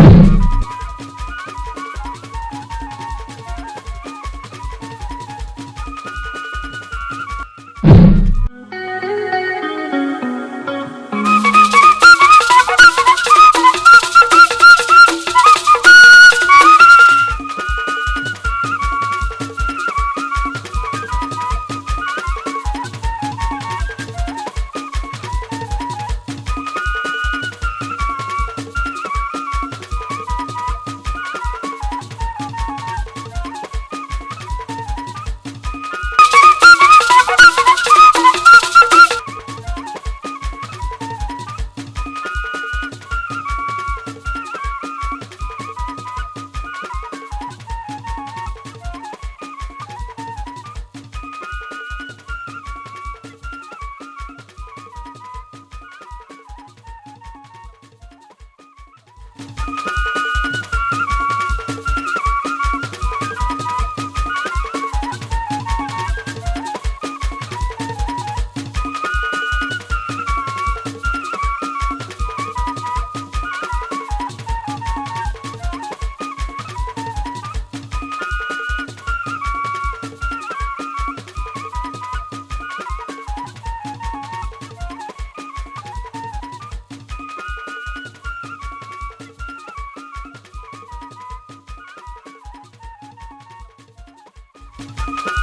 Thank you. Thank you.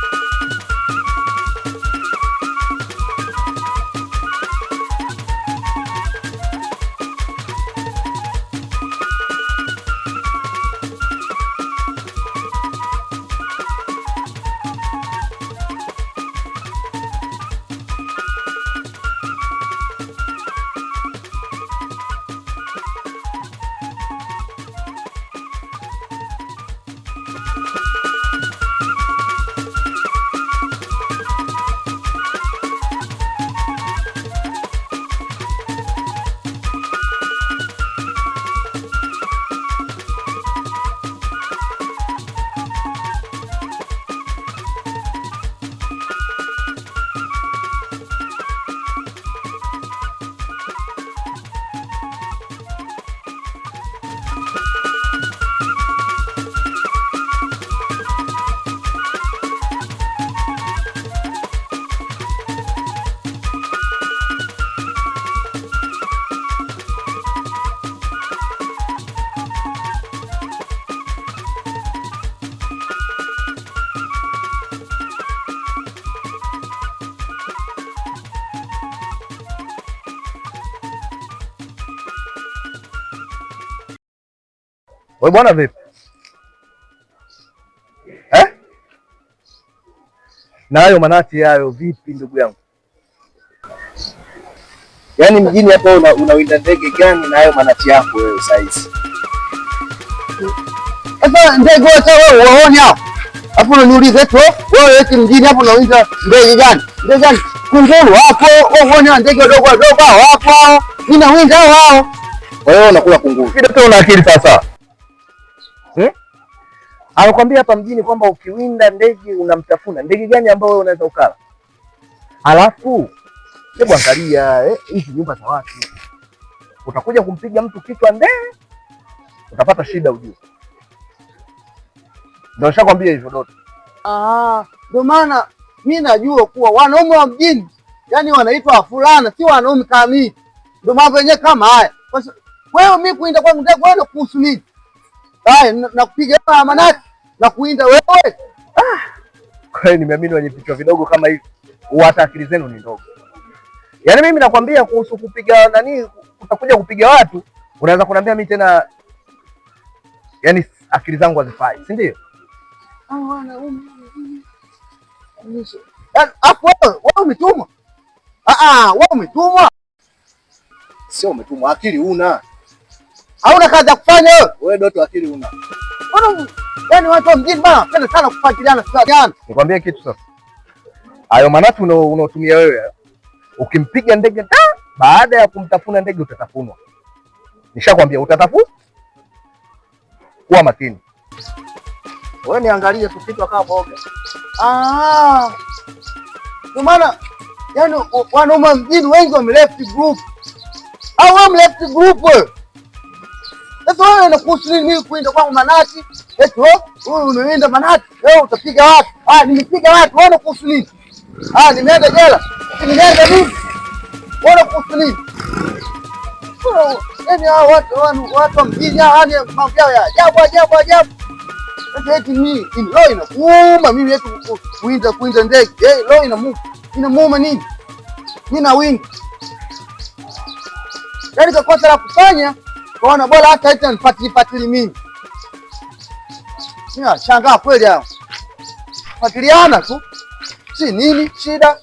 We bwana, vipi eh? na hayo manati hayo vipi, ndugu yangu? Yaani mjini hapa unawinda ndege gani na hayo manati yako wewe? sasa Saizi sasa ndege wacha wewe waone hapo, afu unaniuliza eti wewe eti mjini hapo unawinda ndege gani? Ndege gani? Kunguru hapo waone ndege wadogo wadogo hao hapo, ninawinda hao hao. Wewe unakula kunguru, una akili sasa Anakuambia hapa mjini kwamba ukiwinda ndege unamtafuna. Ndege gani ambayo wewe unaweza ukala? Alafu hebu angalia eh, hizi eh, nyumba za watu. Utakuja kumpiga mtu kichwa ndee, utapata shida ujue. Ndio nishakwambia hivyo Doto. Ah, ndio maana mimi najua kuwa wanaume wa mjini yani wanaitwa fulana, si wanaume kamili. Ndio mambo yenyewe kama haya. Kwa hiyo mimi kuinda kwangu kwenda kuhusu nini? nakupiga manati na kuinda wewe. Ah. Kweli nimeamini wenye vichwa vidogo kama hivi hata akili zenu ni ndogo. Yaani mimi nakwambia kuhusu kupiga nani, utakuja kupiga watu, unaweza kuniambia mimi tena, yaani akili zangu hazifai, si ndio? Hapo ah, yaani, wewe umetumwa, ah, wewe umetumwa, sio umetumwa, akili una Hauna kazi ya kufanya wewe? Wewe Doto akili una. Mbona yani watu wa mjini bana wanapenda sana kufuatiliana sasa jana. Nikwambie kitu sasa. Hayo manatu unaotumia wewe ukimpiga ndege da, ah, baada ya kumtafuna ndege utatafunwa. Nishakwambia utatafu. Kuwa makini. Wewe niangalie kupitwa akawa boga. Ah. Kwa maana yani wanaume mjini wengi wamelefi group. Au wamelefi group wewe. Sasa wewe unakuhusu nini mimi kuinda kwangu manati? Eti oh, wewe huyu unaenda manati? Wewe utapiga watu. Ah, nilipiga watu. Wewe unakuhusu nini? Ah, nimeenda jela. Nimeenda nini? Wewe unakuhusu nini? Yaani hao watu watu mjini hao yaani mambo yao ya ajabu ajabu ajabu. Sasa eti mimi ni roho inakuuma mimi eti kuinda kuinda ndege. Eh, roho inamuuma. Inamuuma nini? Mimi na Yaani kwa kosa la kufanya Kaona bora hata ita nifatili fatili mimi. Sina shangaa kweli hao. Fatiliana tu. Si nini shida?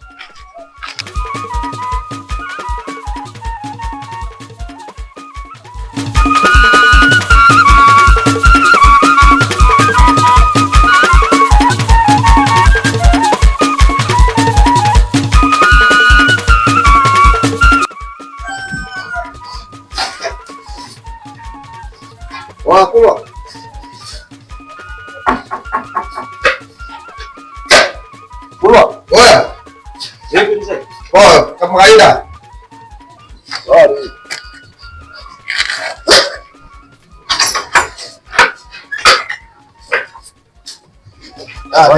Oh, kama kawaida. Ah,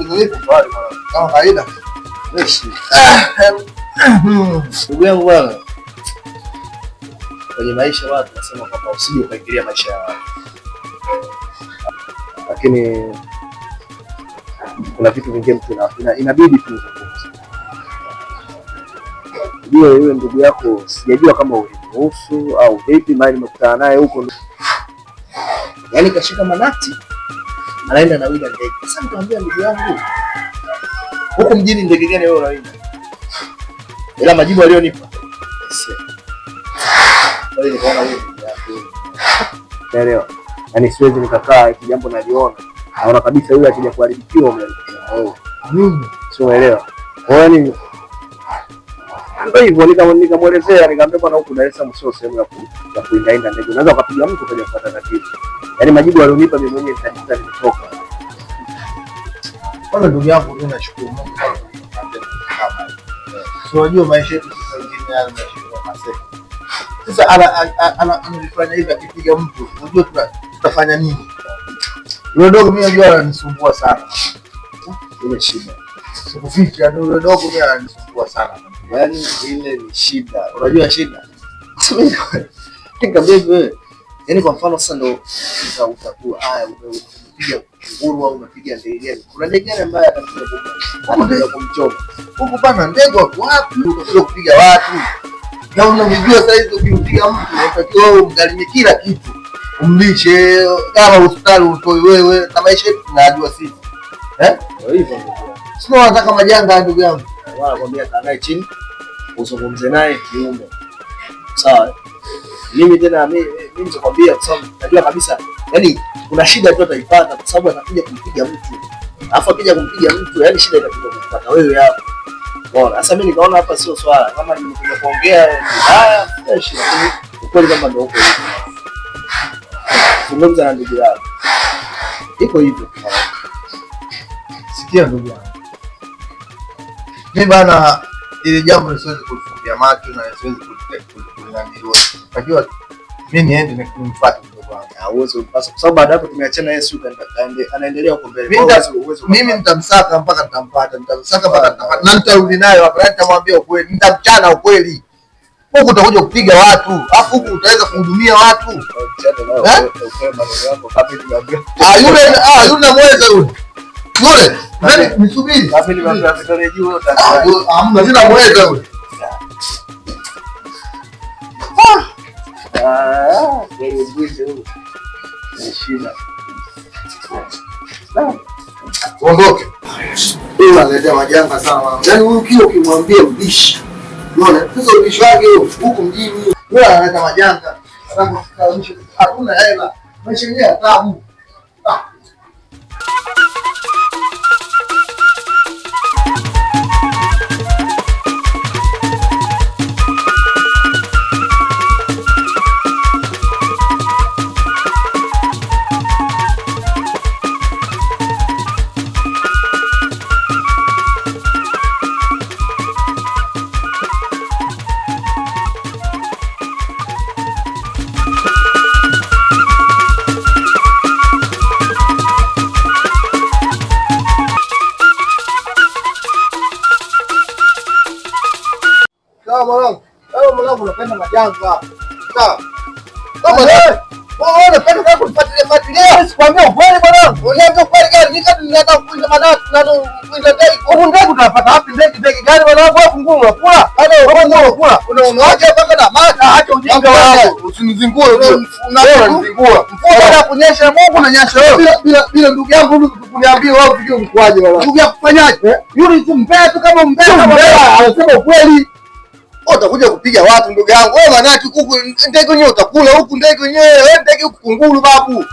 Ndugu yangu bwana. Kwenye maisha watu nasema kwamba usije ukaingilia maisha ya watu. Lakini kuna vitu vingine mtu inabidi tu ujue yule ndugu yako sijajua kama ulimruhusu au vipi, maana nimekutana naye huko, yaani kashika manati anaenda na wida ndege. Sasa nikamwambia ndugu yangu, huko mjini ndege gani wewe unawinda? Ila majibu alionipa naelewa, yaani siwezi nikakaa hiki jambo naliona, naona kabisa yule akija kuharibikiwa, umeelewa? Ndio hivyo nikamwelezea, nikamwambia bwana, huku Dar es Salaam sio sehemu ya kuinda inda ndege, unaweza ukapiga mtu kaja kupata tatizo. Yaani majibu alionipa mimi mwenyewe nitajipa nitoka. Kwanza ndugu yangu, mimi nashukuru Mungu kwa Sio unajua maisha yetu sasa hivi yana maisha ya Sasa ana anafanya hivi akipiga mtu, unajua tutafanya nini? Yule dogo mimi najua ananisumbua sana. Nimeshinda. Sikufiki, yule dogo mimi ananisumbua sana. Yaani ile ni shida. Unajua shida? Yaani kwa mfano sasa ndo utakuwa haya umepiga kunguru au umepiga ndege gani? Kuna ndege gani ambaye atakuja kumchoma? Huko bana ndege wako wapi? Utakuja kupiga watu. Na unamjua sasa hizo ukimpiga mtu unatakiwa umgharimie kila kitu. Umlishe kama hospitali utoi wewe na maisha yetu tunajua sisi. Eh? Sio nataka majanga ndugu yangu anakwambia kaa naye chini uzungumze naye kiume, sawa. Mimi tena mimi nitakwambia, kwa sababu najua kabisa, yani kuna shida tu ataipata, kwa sababu atakuja kumpiga mtu, alafu akija kumpiga mtu, yani shida itakuja kupata wewe hapo. Bora sasa, mimi nikaona hapa sio swala, kama nimekuja kuongea vibaya, fresh, lakini ukweli kama ndio uko zungumza na ndugu yako, iko hivyo. Sikia ndugu yangu Mi bana, ili jambo siwezi kulifumbia macho na siwezi kulinaniliwa, Unajua mi niende nimfuate mdogo wangu. Hauwezi ah, kupasa, kwa sababu baada hapo tumeachana, Yesu anaendelea huko mbele. Mimi nitamsaka mpaka nitampata, nitamsaka mpaka nitampata, na nitarudi naye hapo, nitamwambia ukweli, nitamchana ukweli. Huku utakuja kupiga watu, afu huku utaweza kuhudumia watu. Ah, ah, yule ah, Yule namweza yule wewe, nani nisubiri? Hapo ni mambo ya vitole juu Hamna tena Ondoke. Ila ndio majanga sana. Yaani huyu kile ukimwambia ubishi. Unaona? Sasa ubishi wake huko mjini. Wewe analeta majanga. hakuna hela. Maisha yenyewe tabu. yangu kunyesha ah, Mungu na nyasha Bila bila ndugu yangu kuniambia wewe ukijua mkwaje Ndugu yako fanyaje? Eh? Yule tu mbea tu kama mbea. Anasema ukweli watakuja kupiga watu, ndugu yangu wewe. Manati huku ndege wenyewe utakula huku, ndege wenyewe wewe, ndege huku kunguru babu.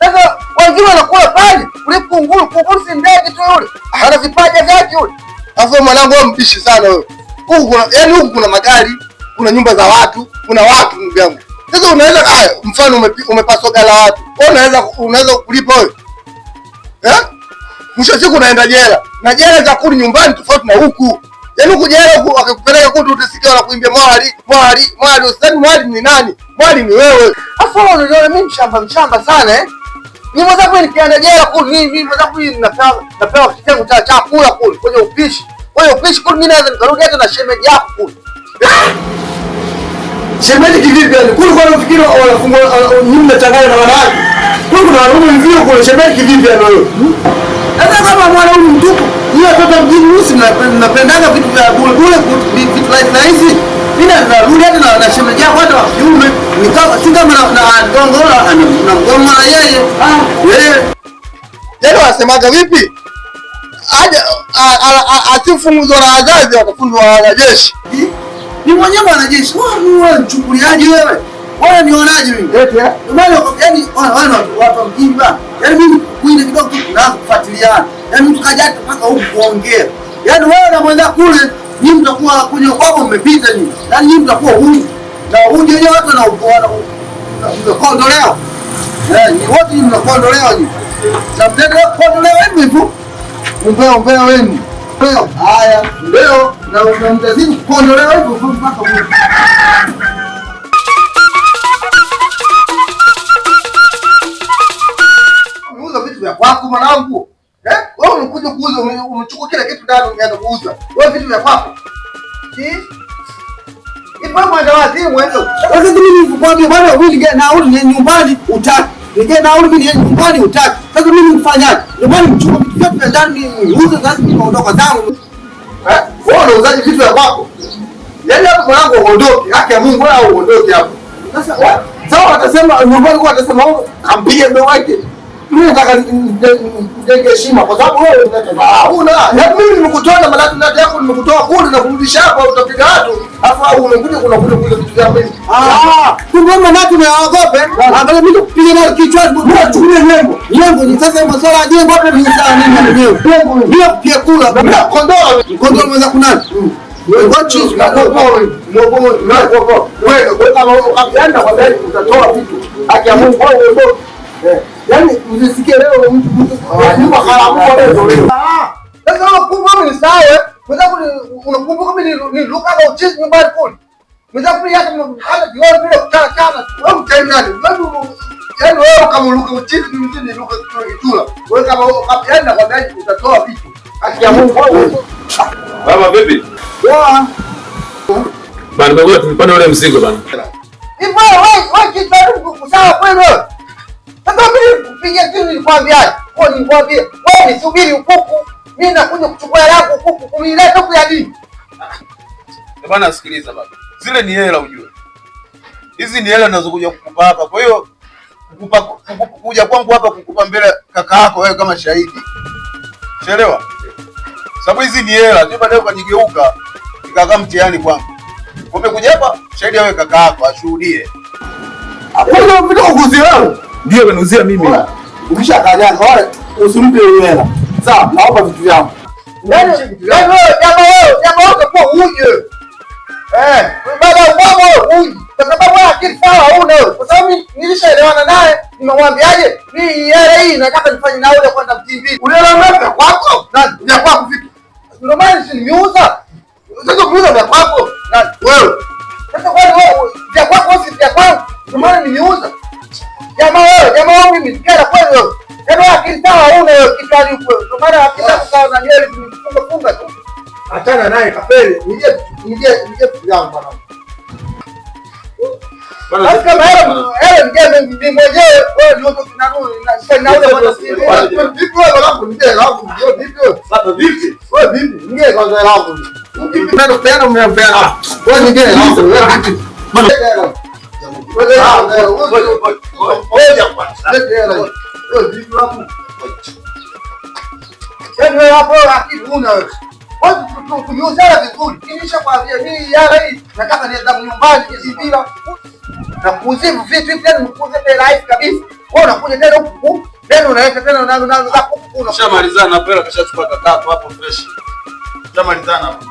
Sasa wengine wanakula pale, kule kunguru, kunguru si ndege tu yule, ana vipaja vyake yule. Sasa mwanangu wewe mbishi sana wewe. Huku kuna yaani, huku kuna magari, kuna nyumba za watu, kuna watu ndugu yangu. Sasa unaweza haya, mfano ume, umepaswa gala watu. Wewe unaweza unaweza kulipa wewe. Eh? Mwisho siku unaenda jela. Na jela za kuni nyumbani tofauti na huku. Yaani ukuja leo wakakupeleka utasikia na mwali, mwali, mwali, usitani mwali ni nani? Mwali ni wewe. Afu wewe unaona mimi mshamba mshamba sana eh? Ni mwanzo kwa nikienda jela kutu mimi mimi mwanzo kwa ninapewa napewa kitu changu cha chakula kutu kwenye upishi. Wewe upishi kutu mimi naweza nikarudi hata na shemeji yako kutu. Ah! Shemeji kivipi yani? Kutu kwa unafikiri wanafungwa mimi mnachanganya na wanawake. Kutu kuna wanaume mvio kuna shemeji kivipi yani wewe? Hmm? Sasa kama mwanaume mtupu watoto mjini Lusi mnapendaga vitu vya bure bure, vitu rahisi. Mimi narudi hata na na shemeji yangu hata wa kiume nikawa si kama na dongola na ngoma yeye. Ah, yeye yeye yaani wasemaga vipi? Aje asifunguzwe na wazazi, watafunzwa wanajeshi. Ni mwenyewe mwanajeshi. Wewe mchukuliaje wewe? Wewe nionaje mimi? Eti eh. Maana yaani wana watu mjini bana. Yaani mimi kuingia kidogo tu tunaanza kufuatiliana. Yaani tukaja hata mpaka huku kuongea. Yaani wewe na mwenda kule, nyinyi mtakuwa kunywa kwako mmepita nyinyi. Yaani nyinyi mtakuwa huku. Na huku yenyewe watu na ukoana huku. Mnakondolewa. Eh, ni wote nyinyi mnakondolewa nyinyi. Na mtendea kondolewa wenu hivyo. Umbea umbea wenu. Leo haya, leo na mtazidi kukondolewa hivyo mpaka huko. kwako mwanangu. Eh? Wewe unakuja kuuza unachukua kila kitu ndani unaanza kuuza. Wewe vitu vya kwako. Si? Ipo mwanzo wazi mwanzo. Sasa mimi nikukwambia bwana huyu na huyu ni nyumbani utaki. Nije na huyu ni nyumbani utaki. Sasa mimi nifanyaje? Nyumbani mchukua vitu vyote vya ndani uuze sasa mimi naondoka zangu. Eh? Wewe unauzaje vitu vya kwako? Yaani hapo mwanangu uondoke. Haki ya Mungu au uondoke hapo. Sasa eh? sawa watasema nyumbani kwa watasema kampige oh, mume wake mimi nataka nijenge heshima kwa sababu wewe ah, huna. Yaani mimi nimekutoa malaki ndani yako nimekutoa kule na kurudisha hapa utapiga watu. Alafu au unakuja kuna kule kule vitu vya mimi. Ah, kumbe maana tunaogope. Angalia mimi kupiga nayo kichwa mimi tukulie lengo. Lengo ni sasa masuala ya jengo hapa ni sawa nini mwenyewe. Lengo ni pia kula kondoo. Kondoo mwanza kunani? Mm. Wewe kama ukienda yaani kwa dai utatoa vitu. Akiamua wewe Yani usisikie leo mtu mtu ah, ah, unakumbuka mimi ni Luka au chizi nyumbani kule. Mzafu yake mnakala vioni vile kutana kana. Wewe mtaendani. Wewe yani wewe kama Luka chizi ni mtu ni Luka kitula. Wewe kama kapiani na kwa utatoa vitu. Haki ya Mungu wewe. Baba vipi? Ya. Bana ngoja tupande ule mzigo bana. Ni wewe wewe wewe kitu kweli wewe. Sasa mimi kupigia simu nilikwambia, kwa nilikwambia wewe nisubiri ukuku, mimi nakuja kuchukua hela yako ukuku kunileta huku ya dini. Eh, bwana sikiliza baba. Zile ni hela ujue. Hizi ni hela ninazokuja kukupa hapa. Kwa hiyo kukupa kuja kwangu hapa kukupa mbele kaka yako wewe kama shahidi. Unaelewa? Sababu hizi ni hela, tu baadaye ukajigeuka ikakaa mtihani kwangu. Kumbe hapa shahidi wewe kaka yako ashuhudie. Hapo ndio mdogo ndio kaniuzia mimi. Ukishakanyana wale usimpe hela. Sawa, naomba vitu vyangu. Nani? kwa yaani Eh, Kwa sababu akili sawa wewe. Kwa sababu nilishaelewana naye, nimemwambiaje? Mimi hela hii nataka nifanye na yule kwenda mtimbili. Unaelewa mimi kwako? Na kwako wewe mwenyewe hapo tuiuzana vizuri. Nimeshakwambia mimi yara hii nataka nienda nyumbani kizipira na kuuzia vitu hivi, yani mkuze bei rahisi kabisa. Wewe unakuja tena huku tena unaweka tena na na na huku unashamalizana hapo, hela kashachukua kakato hapo fresh, shamalizana hapo.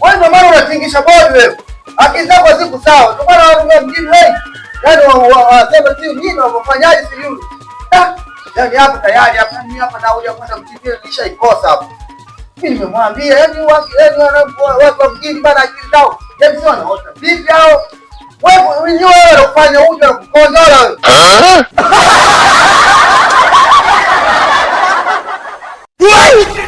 Wewe ndio maana unatingisha bodi wewe, haki zako sawa, ndio maana watu mjini wengi yani wasema sio nini, wafanyaje sio yule, yani hapo tayari hapa ni hapa na hoja kwenda mtimbie, nishaikosa hapo Nimemwambia hebu wakili bana akili zao hebu sio naota vipi hao wewe wenyewe wewe unafanya uje kukozola wewe. Ah!